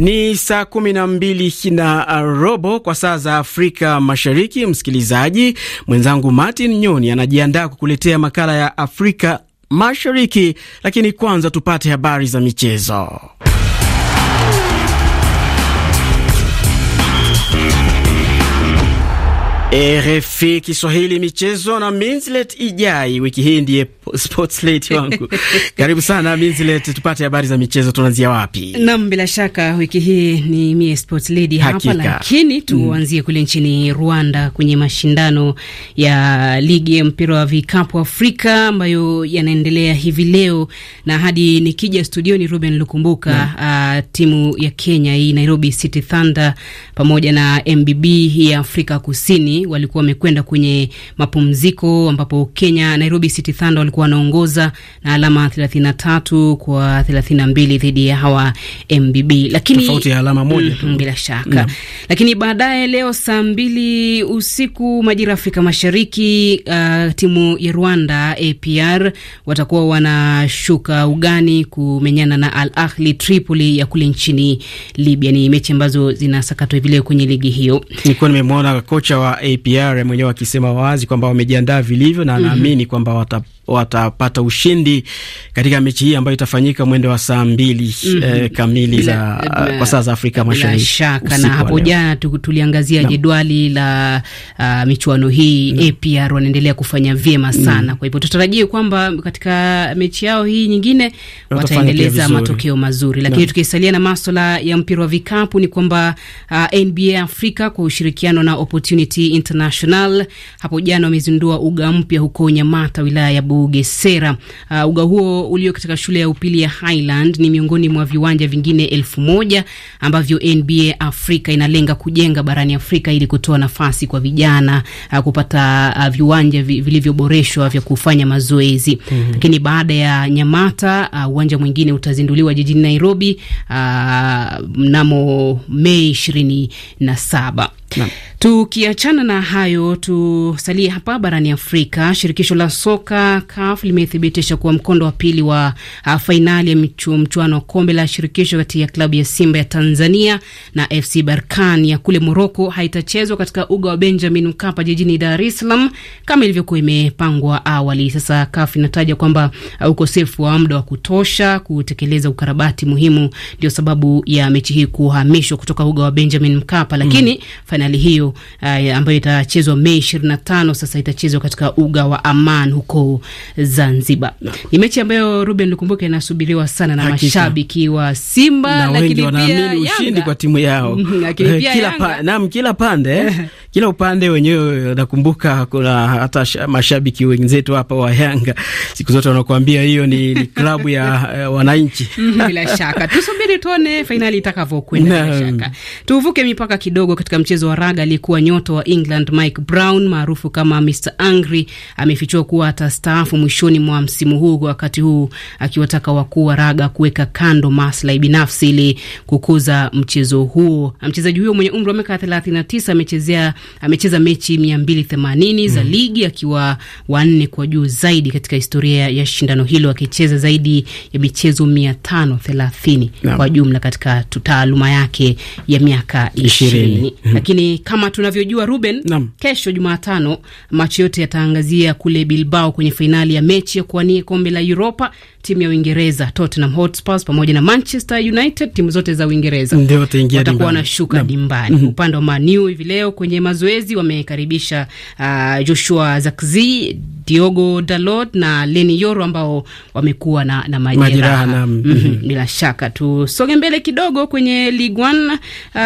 Ni saa kumi na mbili na uh, robo kwa saa za Afrika Mashariki. Msikilizaji mwenzangu Martin Nyoni anajiandaa kukuletea makala ya Afrika Mashariki, lakini kwanza tupate habari za michezo. RFI Kiswahili michezo na Minslet Ijai wiki hii ndiye Sportslate wangu karibu sana Minzilet, tupate habari za michezo. Tunaanzia wapi? Nam, bila shaka wiki hii ni mie sports lady hapa, lakini mm. tuanzie mm, kule nchini Rwanda kwenye mashindano ya ligi ya mpira wa vikapu Afrika ambayo yanaendelea hivi leo, na hadi nikija studioni Ruben Lukumbuka yeah, uh, timu ya Kenya hii Nairobi City Thunder pamoja na MBB ya Afrika Kusini walikuwa wamekwenda kwenye mapumziko, ambapo Kenya Nairobi City Thunder walikuwa alikuwa anaongoza na alama 33 kwa 32 dhidi ya hawa MBB, lakini tofauti ya alama moja tu mm, bila shaka yeah. Lakini baadaye leo saa mbili usiku majira Afrika Mashariki, uh, timu ya Rwanda APR watakuwa wanashuka ugani kumenyana na Al Ahli Tripoli ya kule nchini Libya. Ni mechi ambazo zinasakatwa vile kwenye ligi hiyo. Nilikuwa nimemwona kocha wa APR mwenyewe akisema wazi kwamba wamejiandaa vilivyo na mhm. anaamini mm -hmm. kwamba wata watapata ushindi katika mechi hii ambayo itafanyika mwendo wa saa mbili mm -hmm. eh, kamili za kwa saa za Afrika Mashariki. Shaka na hapo jana tuliangazia jedwali la uh, michuano hii no. APR wanaendelea kufanya vyema mm. sana mm. kwa hivyo tutarajie kwamba katika mechi yao hii nyingine wataendeleza matokeo mazuri, lakini no. tukisalia na masuala ya mpira wa vikapu ni kwamba uh, ah, NBA Afrika kwa ushirikiano na Opportunity International hapo jana wamezindua uga mpya huko Nyamata wilaya ya Bug Bugesera. Uh, uga huo ulio katika shule ya upili ya Highland ni miongoni mwa viwanja vingine elfu moja ambavyo NBA Afrika inalenga kujenga barani Afrika ili kutoa nafasi kwa vijana uh, kupata uh, viwanja vilivyoboreshwa vya kufanya mazoezi. Mm -hmm. Lakini baada ya Nyamata uwanja uh, mwingine utazinduliwa jijini Nairobi uh, mnamo Mei ishirini na saba. Tukiachana na hayo tusalie hapa barani Afrika. Shirikisho la soka CAF limethibitisha kuwa mkondo wa pili wa uh, fainali ya mchuano wa kombe la shirikisho kati ya klabu ya Simba ya Tanzania na FC Barkan ya kule Moroko haitachezwa katika uga wa Benjamin Mkapa jijini Dar es Salaam kama ilivyokuwa imepangwa awali. Sasa CAF inataja kwamba uh, ukosefu wa muda wa kutosha kutekeleza ukarabati muhimu ndio sababu ya mechi hii kuhamishwa kutoka uga wa Benjamin Mkapa, lakini mm fainali hiyo uh, ambayo itachezwa Mei 25 Sasa itachezwa katika uga wa Aman huko Zanzibar. Ni mechi ambayo Ruben nikumbuke inasubiriwa sana na Hakika. mashabiki wa Simba na wengi wanaamini ushindi kwa timu yao. Kila, pa, naam, kila pande eh. kila upande wenyewe. Nakumbuka kuna hata mashabiki wenzetu hapa wa Yanga siku zote wanakuambia hiyo ni, ni klabu ya uh, wananchi mm-hmm, bila shaka tusubiri tuone fainali itakavyokwenda. Bila shaka tuvuke mipaka kidogo. Katika mchezo wa raga, aliyekuwa nyoto wa England Mike Brown maarufu kama Mr Angry amefichua kuwa atastaafu mwishoni mwa msimu huu, wakati huu akiwataka wakuu wa raga kuweka kando maslahi binafsi ili kukuza mchezo huo. Mchezaji huyo mwenye umri wa miaka 39 amechezea amecheza mechi 280 za mm. ligi akiwa wanne kwa juu zaidi katika historia ya shindano hilo akicheza zaidi ya michezo 530 no. kwa jumla katika taaluma yake ya miaka 20. Mm. Lakini kama tunavyojua Ruben no. kesho Jumatano macho yote yataangazia kule Bilbao kwenye fainali ya mechi ya kuwania kombe la Europa, timu ya Uingereza Tottenham Hotspur pamoja na Manchester United, timu zote za Uingereza watakuwa wanashuka dimbani. Mm-hmm. Upande wa Manu hivi leo kwenye mazoezi wamekaribisha uh, Joshua Zakzi, Diogo Dalot na Leni Yoro ambao wamekuwa na, na majeraha mm -hmm. mm -hmm. Bila shaka tusonge mbele kidogo kwenye Ligue 1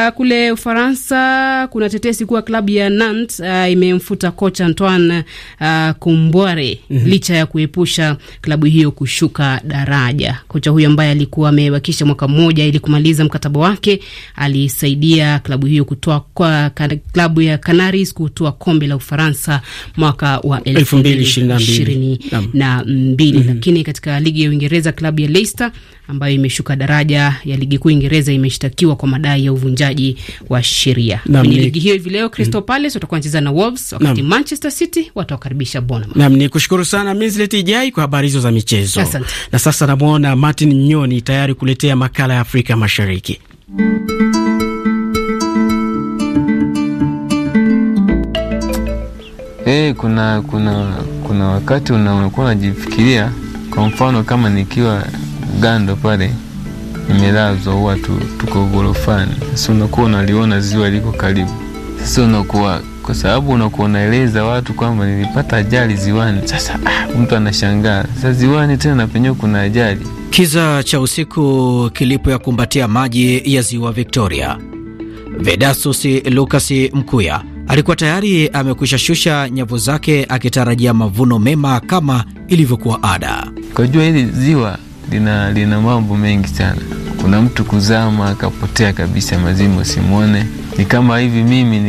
uh, kule Ufaransa kuna tetesi kuwa klabu ya Nantes uh, imemfuta kocha Antoine uh, Kumbware mm -hmm. licha ya kuepusha klabu hiyo kushuka daraja. Kocha huyo ambaye alikuwa amebakisha mwaka mmoja ili kumaliza mkataba wake alisaidia klabu hiyo kutoa kwa klabu ya ya Canaries kutua kombe la Ufaransa mwaka wa 2022, mm-hmm. lakini katika ligi ya Uingereza klabu ya Leicester ambayo imeshuka daraja ya ligi kuu Uingereza imeshtakiwa kwa madai ya uvunjaji wa sheria. Kwenye ligi hiyo hivi leo Crystal mm. Palace watakuwa wanacheza na Wolves, wakati Manchester City watawakaribisha Bournemouth. Naam, ni kushukuru sana Minslet Ijai kwa habari hizo za michezo. Asante. Na sasa namwona Martin Nyoni tayari kuletea makala ya Afrika Mashariki. eh, kuna kuna kuna wakati unakuwa unajifikiria, kwa mfano kama nikiwa Gando pale nimelazwa, huwa tu, tuko ghorofani. Sasa unakuwa unaliona ziwa liko karibu. Sasa unakuwa kwa sababu unakuwa unaeleza watu kwamba nilipata ajali ziwani. Sasa ah, mtu anashangaa, sasa ziwani tena na penyewe kuna ajali. Kiza cha usiku kilipo ya kumbatia maji ya ziwa Victoria. Vedasus Lucas Mkuya alikuwa tayari amekwisha shusha nyavu zake akitarajia mavuno mema kama ilivyokuwa ada. Kwa jua hili ziwa lina, lina mambo mengi sana. Kuna mtu kuzama akapotea kabisa, mazimo simwone. Ni kama hivi mimi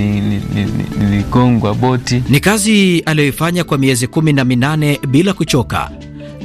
niligongwa ni, ni, ni, boti. Ni kazi aliyoifanya kwa miezi kumi na minane bila kuchoka,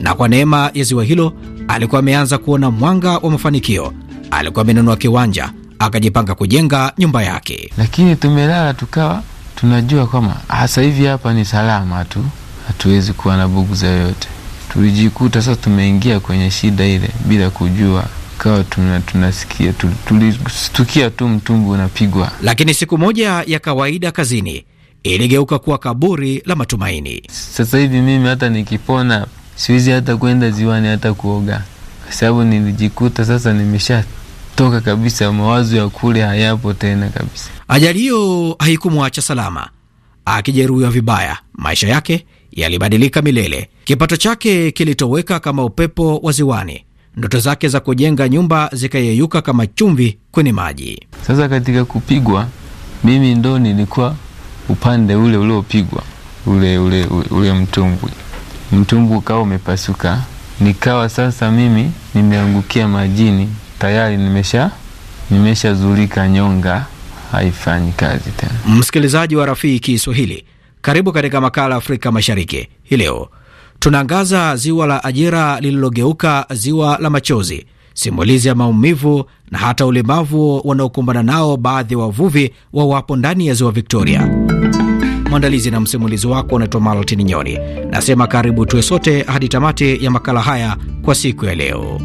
na kwa neema ya ziwa hilo alikuwa ameanza kuona mwanga wa mafanikio. Alikuwa amenunua kiwanja akajipanga kujenga nyumba yake, lakini tumelala tukawa tunajua kwamba hasa hivi hapa ni salama tu, hatuwezi kuwa na buguza yoyote. Tulijikuta sasa tumeingia kwenye shida ile bila kujua kawa tuna, tunasikia tulistukia tu mtumbu unapigwa. Lakini siku moja ya kawaida kazini iligeuka kuwa kaburi la matumaini. Sasa hivi mimi hata nikipona siwezi hata kwenda ziwani hata kuoga, kwa sababu nilijikuta sasa nimesha ametoka kabisa, mawazo ya kule hayapo tena kabisa. Ajali hiyo haikumwacha salama, akijeruhiwa vibaya. Maisha yake yalibadilika milele, kipato chake kilitoweka kama upepo wa ziwani, ndoto zake za kujenga nyumba zikayeyuka kama chumvi kwenye maji. Sasa katika kupigwa, mimi ndo nilikuwa upande ule uliopigwa ule ule ule mtumbwi, mtumbwi ukawa umepasuka, nikawa sasa mimi nimeangukia majini tayari nimesha nimeshazulika, nyonga haifanyi kazi tena. Msikilizaji wa Rafiki Kiswahili, karibu katika makala Afrika Mashariki. Hii leo tunaangaza ziwa la ajira lililogeuka ziwa la machozi, simulizi ya maumivu na hata ulemavu wanaokumbana nao baadhi ya wavuvi wawapo ndani ya ziwa Victoria. Mwandalizi na msimulizi wako unaitwa Maltini Nyoni. Nasema karibu tuwe sote hadi tamati ya makala haya kwa siku ya leo.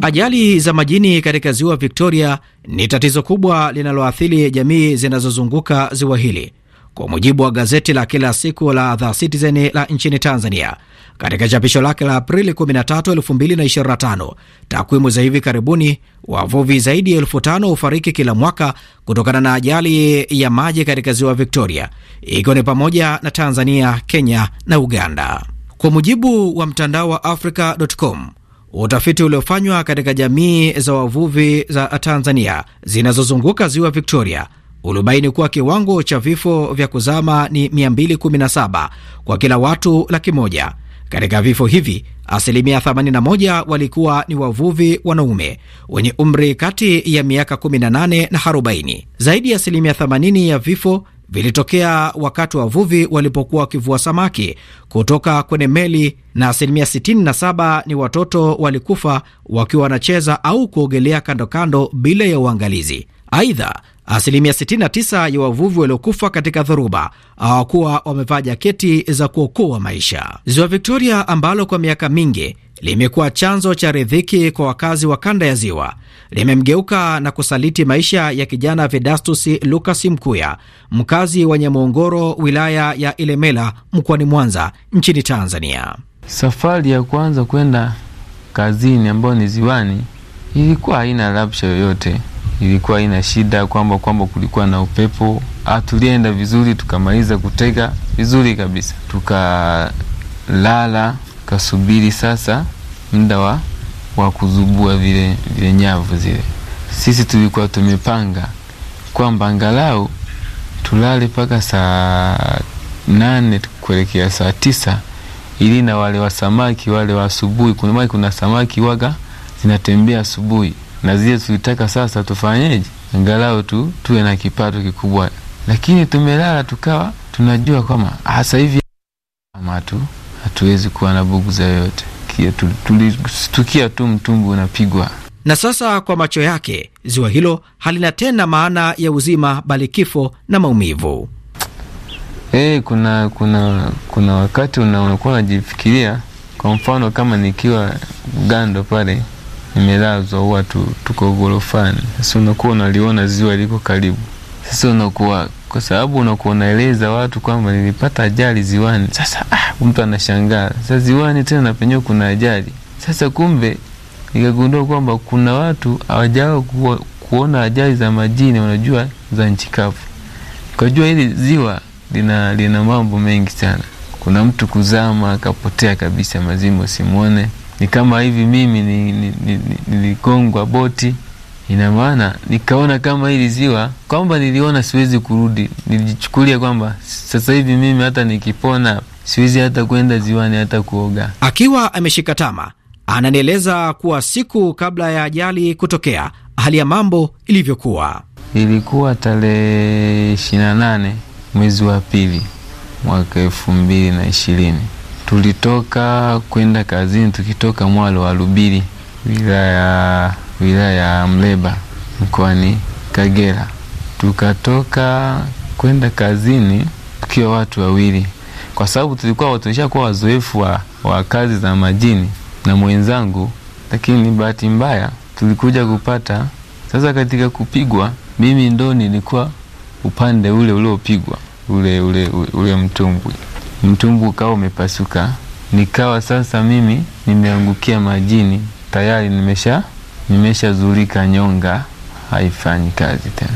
Ajali za majini katika ziwa Victoria ni tatizo kubwa linaloathiri jamii zinazozunguka ziwa hili. Kwa mujibu wa gazeti la kila siku la The Citizen la nchini Tanzania, katika chapisho lake la Aprili 13, 2025, takwimu za hivi karibuni, wavuvi zaidi ya elfu tano hufariki kila mwaka kutokana na ajali ya maji katika ziwa Victoria, ikiwa ni pamoja na Tanzania, Kenya na Uganda. Kwa mujibu wa mtandao wa Africa.com, Utafiti uliofanywa katika jamii za wavuvi za Tanzania zinazozunguka ziwa Victoria ulibaini kuwa kiwango cha vifo vya kuzama ni 217 kwa kila watu laki moja. Katika vifo hivi asilimia 81 walikuwa ni wavuvi wanaume wenye umri kati ya miaka 18 na 40. Zaidi ya asilimia 80 ya vifo vilitokea wakati wavuvi walipokuwa wakivua samaki kutoka kwenye meli, na asilimia 67 ni watoto walikufa wakiwa wanacheza au kuogelea kando kando bila ya uangalizi. Aidha, asilimia 69 ya wavuvi waliokufa katika dhoruba hawakuwa wamevaa jaketi za kuokoa maisha. Ziwa Victoria ambalo kwa miaka mingi limekuwa chanzo cha ridhiki kwa wakazi wa kanda ya ziwa limemgeuka na kusaliti maisha ya kijana Vedastus Lucas Mkuya, mkazi wa Nyamongoro, wilaya ya Ilemela, mkoani Mwanza, nchini Tanzania. Safari ya kwanza kwenda kazini ambayo ni ziwani ilikuwa haina rabsha yoyote, ilikuwa haina shida kwamba kwamba kulikuwa na upepo. Ah, tulienda vizuri, tukamaliza kutega vizuri kabisa, tukalala kasubiri sasa muda wa kwa kuzubua vile, vile nyavu zile. Sisi tulikuwa tumepanga kwamba angalau tulale mpaka saa nane kuelekea saa tisa ili na wale wa samaki wale wa asubuhi, kuna kuna samaki waga zinatembea asubuhi, na zile tulitaka sasa tufanyeje, angalau tu tuwe na kipato kikubwa. Lakini tumelala tukawa tunajua kwamba sasa hivi matu hatuwezi kuwa na buguza yoyote tulisikia tu, tulistukia tu mtumbu unapigwa. Na sasa kwa macho yake ziwa hilo halina tena maana ya uzima, bali kifo na maumivu. E, kuna kuna kuna wakati unakuwa unajifikiria, kwa mfano kama nikiwa Gando pale nimelazwa, huwa tuko ghorofani. Sasa unakuwa unaliona ziwa liko karibu, sasa unakuwa kwa sababu unakuwa unaeleza watu kwamba nilipata ajali ziwani. Sasa ah, mtu anashangaa sasa, ziwani tena na penyewe kuna ajali. Sasa kumbe nikagundua kwamba kuna watu hawajawa kuona ajali za majini, wanajua za nchi kavu. Kajua hili ziwa lina, lina mambo mengi sana. Kuna mtu kuzama akapotea kabisa, mazimo simwone Ni kama hivi mimi niligongwa ni, ni, ni, ni, boti Ina maana nikaona kama hili ziwa kwamba niliona siwezi kurudi, nilijichukulia kwamba sasa hivi mimi hata nikipona siwezi hata kwenda ziwani hata kuoga. Akiwa ameshika tama, ananieleza kuwa siku kabla ya ajali kutokea, hali ya mambo ilivyokuwa. Ilikuwa tarehe 28 mwezi wa pili mwaka elfu mbili na ishirini. Tulitoka kwenda kazini, tukitoka mwalo wa Lubiri wilaya wilaya ya Mleba mkoani Kagera. Tukatoka kwenda kazini tukiwa watu wawili, kwa sababu tulikuwa kuwa wazoefu wa, wa kazi za majini na mwenzangu, lakini bahati mbaya tulikuja kupata sasa. Katika kupigwa, mimi ndo nilikuwa upande ule uliopigwa ule, ule, ule, ule mtumbwi mtumbwi ukawa umepasuka, nikawa sasa mimi nimeangukia majini tayari nimesha nimeshazulika nyonga haifanyi kazi tena,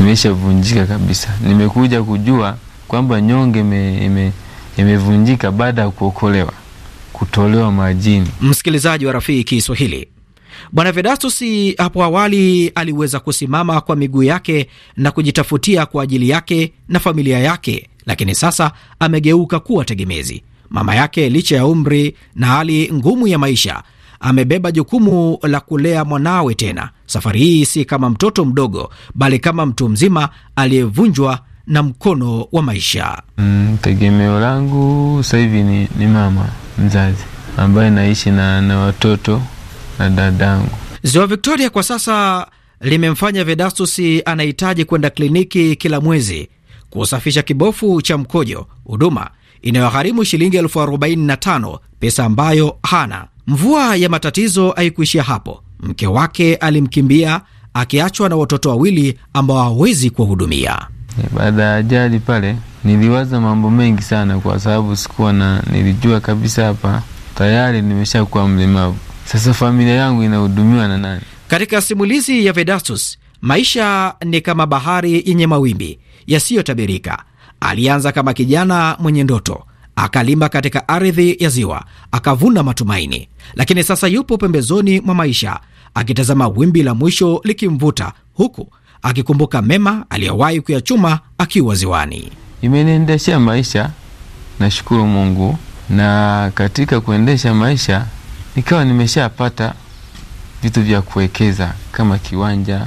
nimeshavunjika kabisa. Nimekuja kujua kwamba nyonga imevunjika ime, baada ya kuokolewa, kutolewa majini. Msikilizaji wa rafiki Kiswahili, Bwana Vedastus hapo awali aliweza kusimama kwa miguu yake na kujitafutia kwa ajili yake na familia yake, lakini sasa amegeuka kuwa tegemezi. Mama yake licha ya umri na hali ngumu ya maisha amebeba jukumu la kulea mwanawe, tena safari hii si kama mtoto mdogo, bali kama mtu mzima aliyevunjwa na mkono wa maisha. Mm, tegemeo langu sasa hivi ni, ni mama mzazi ambaye naishi na, na watoto na dadangu. Ziwa Victoria kwa sasa limemfanya Vedastus anahitaji kwenda kliniki kila mwezi kusafisha kibofu cha mkojo, huduma inayogharimu shilingi elfu arobaini na tano, pesa ambayo hana. Mvua ya matatizo haikuishia hapo. Mke wake alimkimbia akiachwa na watoto wawili ambao hawezi kuwahudumia. Eh, baada ya ajali pale, niliwaza mambo mengi sana, kwa sababu sikuwa na, nilijua kabisa hapa tayari nimeshakuwa mlemavu. Sasa familia yangu inahudumiwa na nani? Katika simulizi ya Vedastus, maisha ni kama bahari yenye mawimbi yasiyotabirika. Alianza kama kijana mwenye ndoto akalima katika ardhi ya ziwa akavuna matumaini, lakini sasa yupo pembezoni mwa maisha akitazama wimbi la mwisho likimvuta, huku akikumbuka mema aliyowahi kuyachuma akiwa ziwani. Imeniendeshea maisha, nashukuru Mungu, na katika kuendesha maisha nikawa nimeshapata vitu vya kuwekeza kama kiwanja.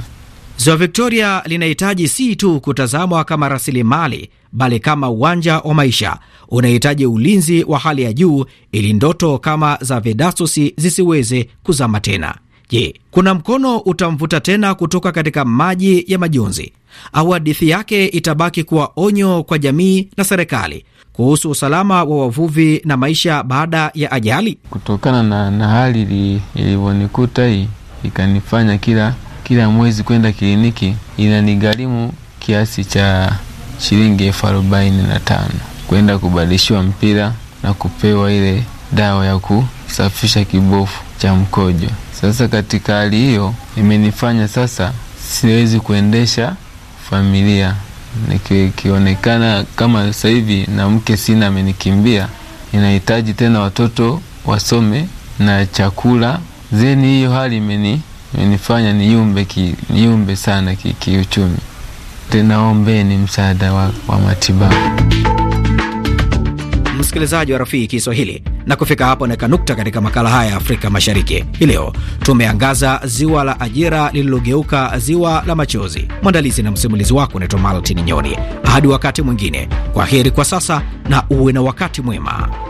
Ziwa Victoria linahitaji si tu kutazamwa kama rasilimali bali kama uwanja wa maisha. Unahitaji ulinzi wa hali ya juu ili ndoto kama za Vedasosi zisiweze kuzama tena. Je, kuna mkono utamvuta tena kutoka katika maji ya majonzi, au hadithi yake itabaki kuwa onyo kwa jamii na serikali kuhusu usalama wa wavuvi na maisha baada ya ajali? Kutokana na, na hali ilivyonikuta hii ikanifanya kila kila mwezi kwenda kliniki inanigharimu kiasi cha shilingi elfu arobaini na tano kwenda kubadilishiwa mpira na kupewa ile dawa ya kusafisha kibofu cha mkojo. Sasa katika hali hiyo imenifanya sasa siwezi kuendesha familia, nikionekana kama sasa hivi na mke sina, amenikimbia. Inahitaji tena watoto wasome na chakula zeni. Hiyo hali imenifanya niyumbe, ki, niyumbe sana kiuchumi ki tunaombeni msaada wa, wa matibabu. Msikilizaji wa Rafiki Kiswahili, na kufika hapo naweka nukta katika makala haya ya Afrika Mashariki hii leo. Tumeangaza ziwa la ajira lililogeuka ziwa la machozi. Mwandalizi na msimulizi wako naitwa Maltin Nyoni. Hadi wakati mwingine, kwa heri kwa sasa na uwe na wakati mwema.